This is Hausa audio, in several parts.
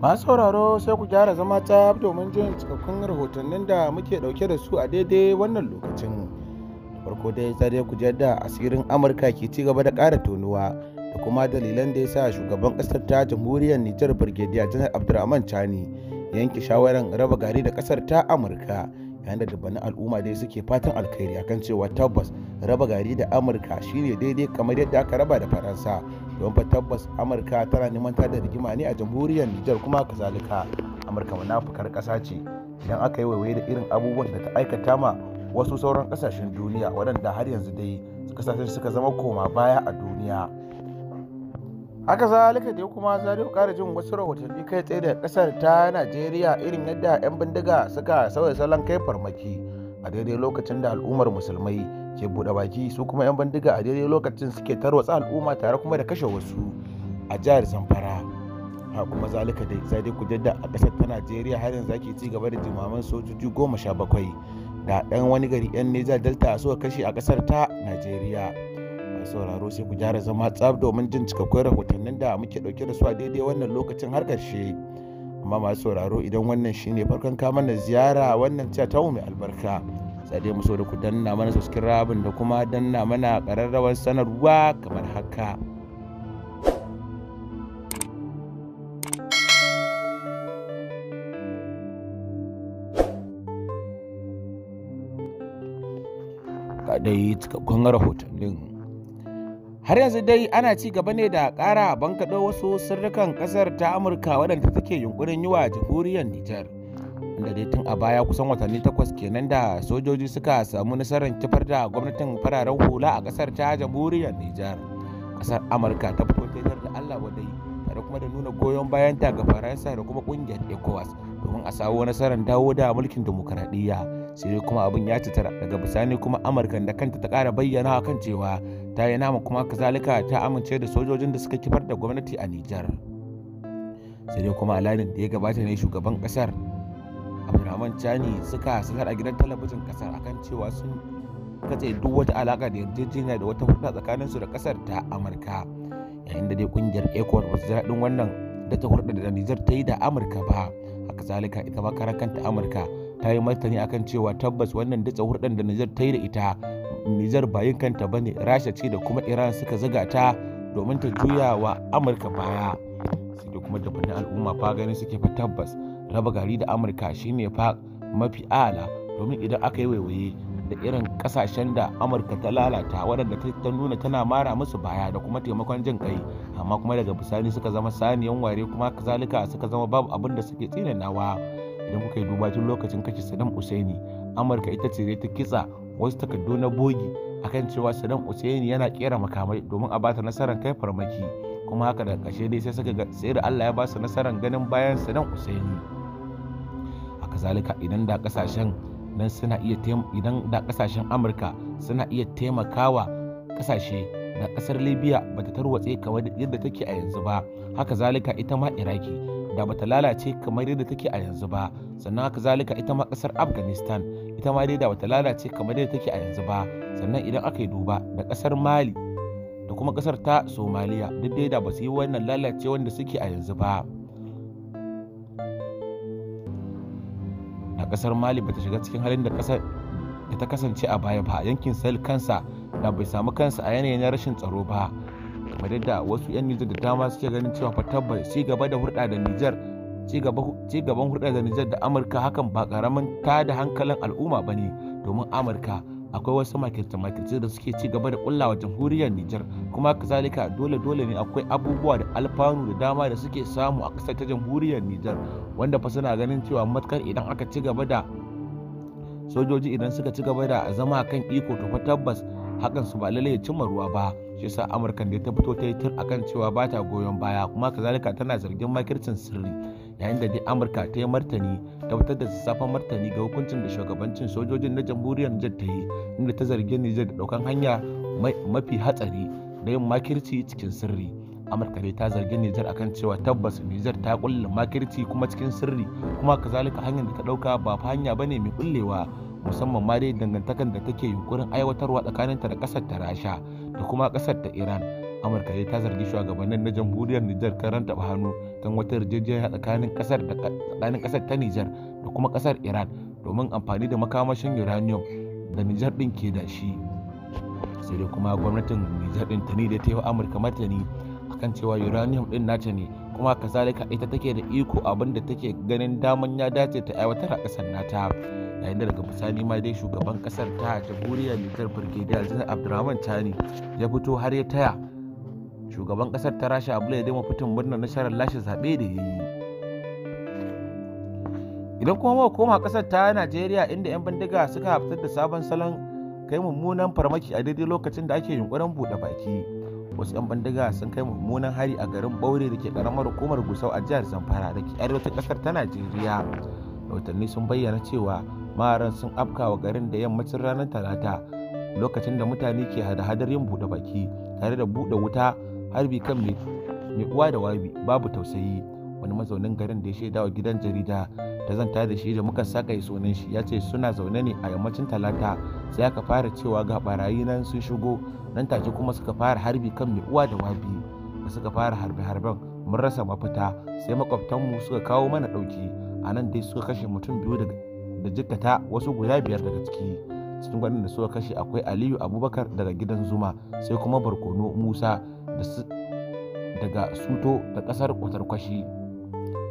masu sauraro sai ku gyara zama ta domin jin cikakkun rahotannin da muke dauke da su a daidai wannan lokacin farko dai tsare ku da asirin amurka ke ci gaba da kara tonuwa da kuma dalilan da ya sa shugaban ƙasar ta jamhuriyar nijar birgediya janar abdurrahman chani yanke shawarar raba gari da kasar ta amurka yayin da dubbanin al'umma dai suke fatan alkhairi akan cewa tabbas raba gari da amurka shine daidai kamar yadda aka raba da faransa don fa tabbas amurka tana neman da rigima ne a jamhuriyar nijar kuma kazalika amurka munafukar kasa ce idan aka yi waiwaye da irin abubuwan da ta aikata ma wasu sauran kasashen duniya waɗanda har yanzu dai kasashen suka zama koma baya a duniya haka zalika dai kuma za da ƙara jin wasu rahotanni kai tsaye da kasar ta najeriya irin yadda 'yan bindiga suka sauya salon kai farmaki a daidai lokacin da al'ummar musulmai ke buɗe baki su kuma 'yan bindiga a daidai lokacin suke tarwatsa al'umma tare kuma da kashe wasu a jihar zamfara ha kuma zalika dai sai dai ku jadda a kasar ta najeriya har yanzu ake ci gaba da jimaman sojoji goma sha bakwai da ɗan wani gari 'yan niger delta suka kashe a kasar ta najeriya mai sauraro sai ku gyara zama tsab domin jin cikakkun rahotannin da muke dauke da su a daidai wannan lokacin har ƙarshe amma masu sauraro idan wannan shine farkon kama na ziyara wannan ta ta mai albarka sai dai mu so da ku danna mana subscribe da kuma danna mana kararrawar sanarwa kamar haka. dai cikakkun rahotannin har yanzu dai ana ci gaba ne da kara bankaɗo wasu sirrukan ƙasar ta amurka waɗanda take yunkurin yi wa jamhuriyar nijar da dai tun a baya kusan watanni takwas kenan da sojoji suka samu nasarar kifar da gwamnatin fararen hula a ƙasar ta jamhuriyar nijar ƙasar amurka ta fito tetar da allah wadai tare kuma da nuna goyon bayanta ga faransa da kuma ƙungiyar ecowas domin a samu nasarar dawo da mulkin dimokuraɗiyya sai kuma abin ya tara daga bisani kuma amurka da kanta ta kara bayyana kan cewa ta yi nama kuma kazalika ta amince da sojojin da suka kifar da gwamnati a nijar sai dai kuma alamin da ya gabata ne shugaban kasar abdulrahman chani suka sanar a gidan talabijin kasar akan cewa sun katse duk wata alaka da yarjejeniya da wata hulɗa su da kasar ta amurka yayin da dai kungiyar ecuador ba su ji daɗin wannan da ta hulɗa da nijar ta yi da amurka ba a zalika ita ma karan kanta amurka ta yi martani akan cewa tabbas wannan datsa hurɗan da Nijar ta yi da ita Nijar bayin kanta bane Rasha ce da kuma Iran suka zaga ta domin ta juya wa Amurka baya sai da kuma fannin al'umma fa ganin suke fa tabbas raba gari da Amurka shine fa mafi ala domin idan aka yi waiwaye da irin kasashen da Amurka ta lalata waɗanda ta nuna tana mara musu baya da kuma taimakon jin kai amma kuma daga bisani suka zama saniyan ware kuma kazalika suka zama babu abin da suke tsinanawa. nawa idan kuka yi duba tun lokacin kashe saddam usaini amurka ita ce ta kitsa wasu takardu na bogi akan cewa saddam usaini yana kera makamai domin a bata nasarar kai farmaki kuma haka da ƙarshe dai sai suka sai da allah ya ba su nasarar ganin bayan saddam husaini haka zalika idan da kasashen nan suna iya idan da kasashen amurka suna iya taimakawa kasashe da kasar libya bata tarwatse kamar yadda take a yanzu ba haka zalika ita ma iraki da bata lalace kamar yadda take a yanzu ba sannan haka zalika ita ma kasar afghanistan ita ma dai da bata lalace kamar yadda take a yanzu ba sannan idan aka yi duba da kasar mali da kuma kasar ta somaliya duk dai da ba su yi wannan lalace wanda suke a yanzu ba da kasar mali bata shiga cikin halin da kasar ta kasance a baya ba yankin sel kansa da bai samu kansa a yanayin rashin tsaro ba kamar da wasu 'yan Nijar da dama suke ganin cewa fa tabbas ci gaba da hurɗa da Nijar ci gaban hurɗa da Nijar da Amurka hakan ba karamin tada hankalin al'umma ba ne domin Amurka akwai wasu makirce-makirce da suke ci gaba da kullawa jamhuriyar Nijar kuma kazalika dole dole ne akwai abubuwa da alfanu da dama da suke samu a kasar ta jamhuriyar Nijar wanda fa suna ganin cewa matkar idan aka ci gaba da sojoji idan suka ci gaba da zama kan iko to fa tabbas hakan su ba lalle ya cimma ruwa ba shi yasa amurkan da ta fito ta yi tur akan cewa ba ta goyon baya kuma kazalika tana zargin makircin sirri yayin da dai amurka ta yi martani ta fitar da sassafen martani ga hukuncin da shugabancin sojojin na jamhuriyar nijar ta yi inda ta zargi nijar da daukan hanya mafi hatsari da yin makirci cikin sirri amurka dai ta zargi nijar akan cewa tabbas nijar ta kulle makirci kuma cikin sirri kuma kazalika hanyar da ta dauka ba hanya bane mai kullewa musamman ma dai dangantakar da take yunkurin aiwatarwa tsakaninta da ƙasar ta rasha da kuma ƙasar ta iran amurka dai ta zargi shugabannin na jamhuriyar nijar karan taɓa hannu don wata yarjejeniya tsakanin ƙasar tsakanin ƙasar ta nijar da kuma ƙasar iran domin amfani da makamashin uranium da nijar ɗin ke da shi sai dai kuma gwamnatin nijar ɗin ta ne da ta yi wa amurka martani akan cewa uranium din nata ne kuma kazalika ita take da iko abin da take ganin daman ya dace ta aiwatar a ƙasar nata yayin da daga bisani ma dai shugaban kasar ta jamhuriyar nijar birgediya zina abdurrahman chani ya fito har ya taya shugaban kasar ta rasha abu ya daima fitin murnar nasarar lashe zaɓe da ya yi idan kuma muka koma kasar ta najeriya inda 'yan bindiga suka fitar da sabon salon kai mummunan farmaki a daidai lokacin da ake yunkurin buɗe baki wasu 'yan bindiga sun kai mummunan hari a garin baure da ke karamar hukumar gusau a jihar zamfara da ke arewacin kasar ta najeriya watanni sun bayyana cewa maharan sun afka wa garin da yammacin ranar talata lokacin da mutane ke hada-hadar yin buɗe baki tare da buɗe wuta harbi kan mai uwa da wabi babu tausayi wani mazaunin garin da ya shaida wa gidan jarida ta zanta da shi da muka saka yi sunan shi ya ce suna zaune ne a yammacin talata sai aka fara cewa ga barayi nan sun shigo nan take kuma suka fara harbi kan mai uwa da wabi da suka fara harbe-harben mun rasa mafita sai makwabtanmu suka kawo mana ɗauki a nan dai suka kashe mutum biyu daga da jikata wasu guda biyar daga ciki cikin waɗanda suka kashe akwai aliyu abubakar daga gidan zuma sai kuma barkono musa daga suto da ƙasar kwatarkwashi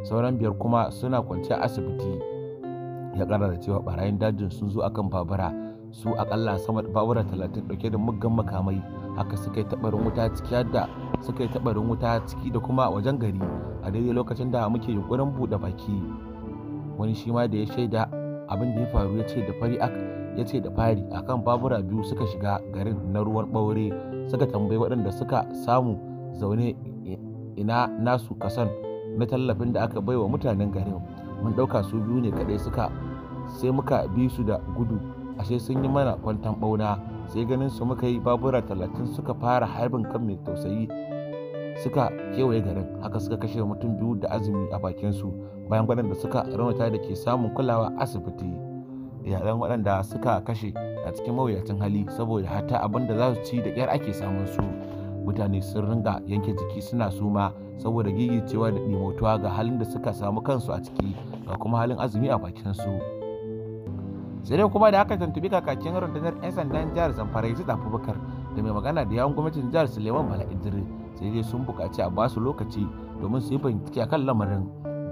sauran biyar kuma suna kwanciya asibiti ya ƙara da cewa barayin dajin sun zo akan babura su akalla sama da babura talatin ɗauke da muggan makamai haka suka yi tabarin wuta ciki da suka yi taɓarin wuta ciki da kuma wajen gari a daidai lokacin da muke yunkurin buɗe baki wani shi ma da ya shaida abin da ya faru ya ce da fari ya ce da fari akan babura biyu suka shiga garin na ruwan ɓaure suka tambayi waɗanda suka samu zaune ina nasu kasan na tallafin da aka baiwa mutanen garin mun ɗauka su biyu ne kaɗai suka sai muka bi su da gudu ashe sun yi mana kwantan bauna sai ganin su muka yi babura talatin suka fara harbin kan mai tausayi suka kewaye garin haka suka kashe mutum biyu da azumi a bakinsu bayan waɗanda suka raunata da ke samun kulawa asibiti yaran waɗanda suka kashe a cikin mawuyacin hali saboda hata abin da za su ci da ƙyar ake samun su mutane sun ringa yanke jiki suna suma saboda gigicewa da ɗimotuwa ga halin da suka samu kansu a ciki ga kuma halin azumi a bakinsu sai dai kuma da aka tuntubi kakakin rundunar 'yan sandan jihar zamfara ya ji bakar da mai magana da yawon gwamnatin jihar suleiman bala idris sai dai sun buƙaci a ba su lokaci domin su yi bincike a kan lamarin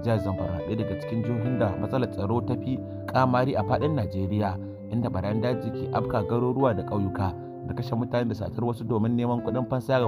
jihar zamfara ɗaya daga cikin jihohin da matsalar tsaro ta fi kamari a faɗin najeriya inda barayin daji ke afka garuruwa da ƙauyuka da kashe mutane da satar wasu domin neman kuɗin fansa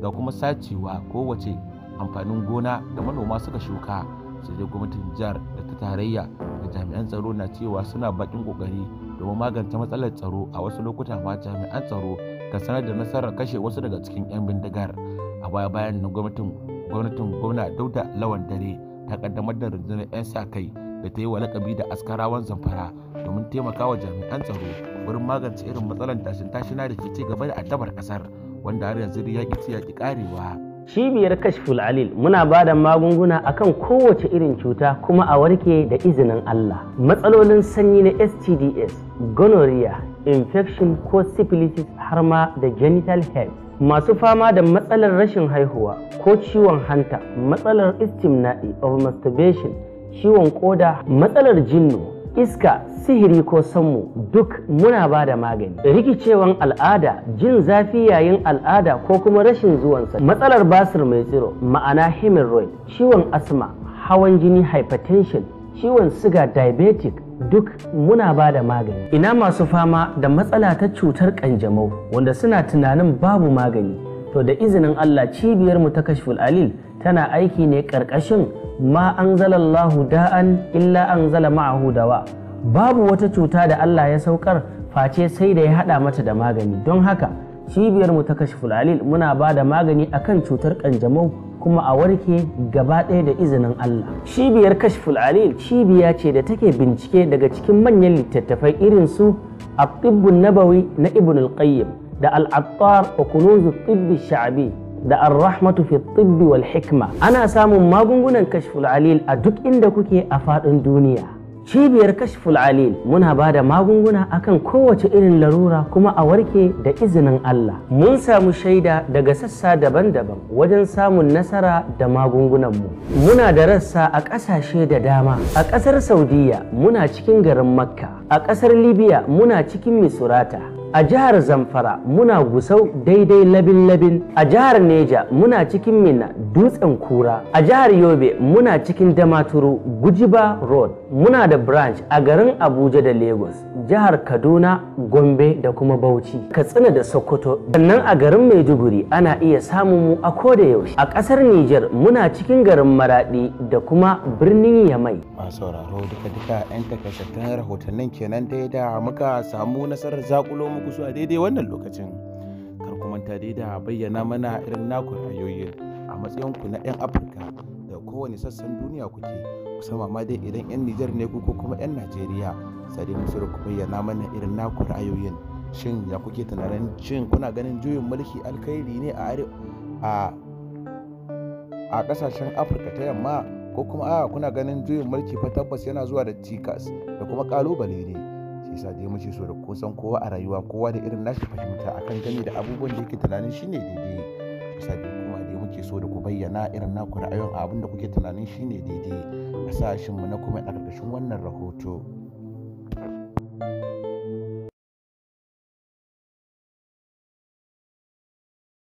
ga kuma sacewa kowace amfanin gona da manoma suka shuka sai dai gwamnatin jihar da ta tarayya da jami'an tsaro na cewa suna bakin kokari domin magance matsalar tsaro a wasu lokuta ma jami'an tsaro ka sanar da nasarar kashe wasu daga cikin 'yan bindigar a baya bayan na gwamnatin gwamnatin gwamna dauda lawan dare ta kaddamar da rundunar 'yan sa kai da ta yi wa lakabi da askarawan zamfara domin taimaka wa jami'an tsaro wurin magance irin matsalar tashin tashina da ke ci gaba da addabar kasar wanda har yanzu ya ƙi ya ki karewa cibiyar kashful alil muna ba da magunguna akan kowace irin cuta kuma a warke da izinin allah matsalolin sanyi na stds gonorrhea infection ko syphilis har ma da genital herpes masu fama da matsalar rashin haihuwa ko ciwon hanta matsalar istimna'i of masturbation ciwon koda matsalar jinnu iska sihiri ko sammu duk muna ba da magani rikicewan al'ada jin zafi yayin al'ada ko kuma rashin zuwan zuwansa matsalar basir mai tsiro ma'ana hemorrhoid ciwon asma hawan jini hypertension ciwon siga diabetic duk muna ba da magani ina masu fama da matsala ta cutar kanjamau wanda suna tunanin babu magani to da izinin Allah cibiyar mu ta kashful alil tana aiki ne ƙarƙashin. ma an anzalallahu da'an illa zala ma'ahu dawa babu wata cuta da Allah ya saukar face sai da ya haɗa mata da magani don haka cibiyar mu ta kashful alil muna ba da magani akan cutar kanjamau kuma a warke gaba ɗaya da izinin Allah. Cibiyar Kashful Alil cibiya ce da take bincike daga cikin manyan littattafai irin su Abdibbun Nabawi na Ibn al-Qayyim da Al-Attar wa Kunuzu Tibbi Sha'abi da Ar-Rahmatu fi Tibbi wal Hikma. Ana samun magungunan Kashful Alil a duk inda kuke a faɗin duniya. cibiyar kashful alil muna ba da magunguna akan kowace irin larura kuma a warke da izinin Allah mun samu shaida daga sassa daban-daban wajen samun nasara da magungunanmu muna da rassa a ƙasashe da dama a ƙasar saudiya muna cikin garin makka a ƙasar libya muna cikin misurata a jihar zamfara muna gusau daidai labin-labin a jihar neja muna cikin mina dutsen kura a jihar yobe muna cikin damaturu gujiba road muna da branch a garin abuja da lagos jihar kaduna gombe da kuma bauchi katsina da sokoto sannan a garin maiduguri ana iya samun mu a koda yaushe a kasar niger muna cikin garin maradi da kuma birnin yamai masu sauraro duka duka yan takashattun rahotannin kenan dai da muka samu nasarar zakulo muku su a daidai wannan lokacin kar ku manta dai da bayyana mana irin naku ayoyi a matsayin ku na yan afirka kowane sassan duniya kuke musamman ma dai idan 'yan Nijar ne ku ko kuma 'yan Najeriya sadi musu da kuma yana mana irin naku ra'ayoyin shin ya kuke tunanin shin kuna ganin juyin mulki alkhairi ne a a kasashen Afirka ta yamma ko kuma a kuna ganin juyin mulki fa tabbas yana zuwa da cikas da kuma kalubale ne shi sa dai muke so da kusan kowa a rayuwa kowa da irin nashi fahimta akan gani da abubuwan da yake tunanin shine daidai kuke so da ku bayyana irin naku ra'ayoyin abin da kuke tunanin shine daidai a sashinmu na kuma a ƙarƙashin wannan rahoto.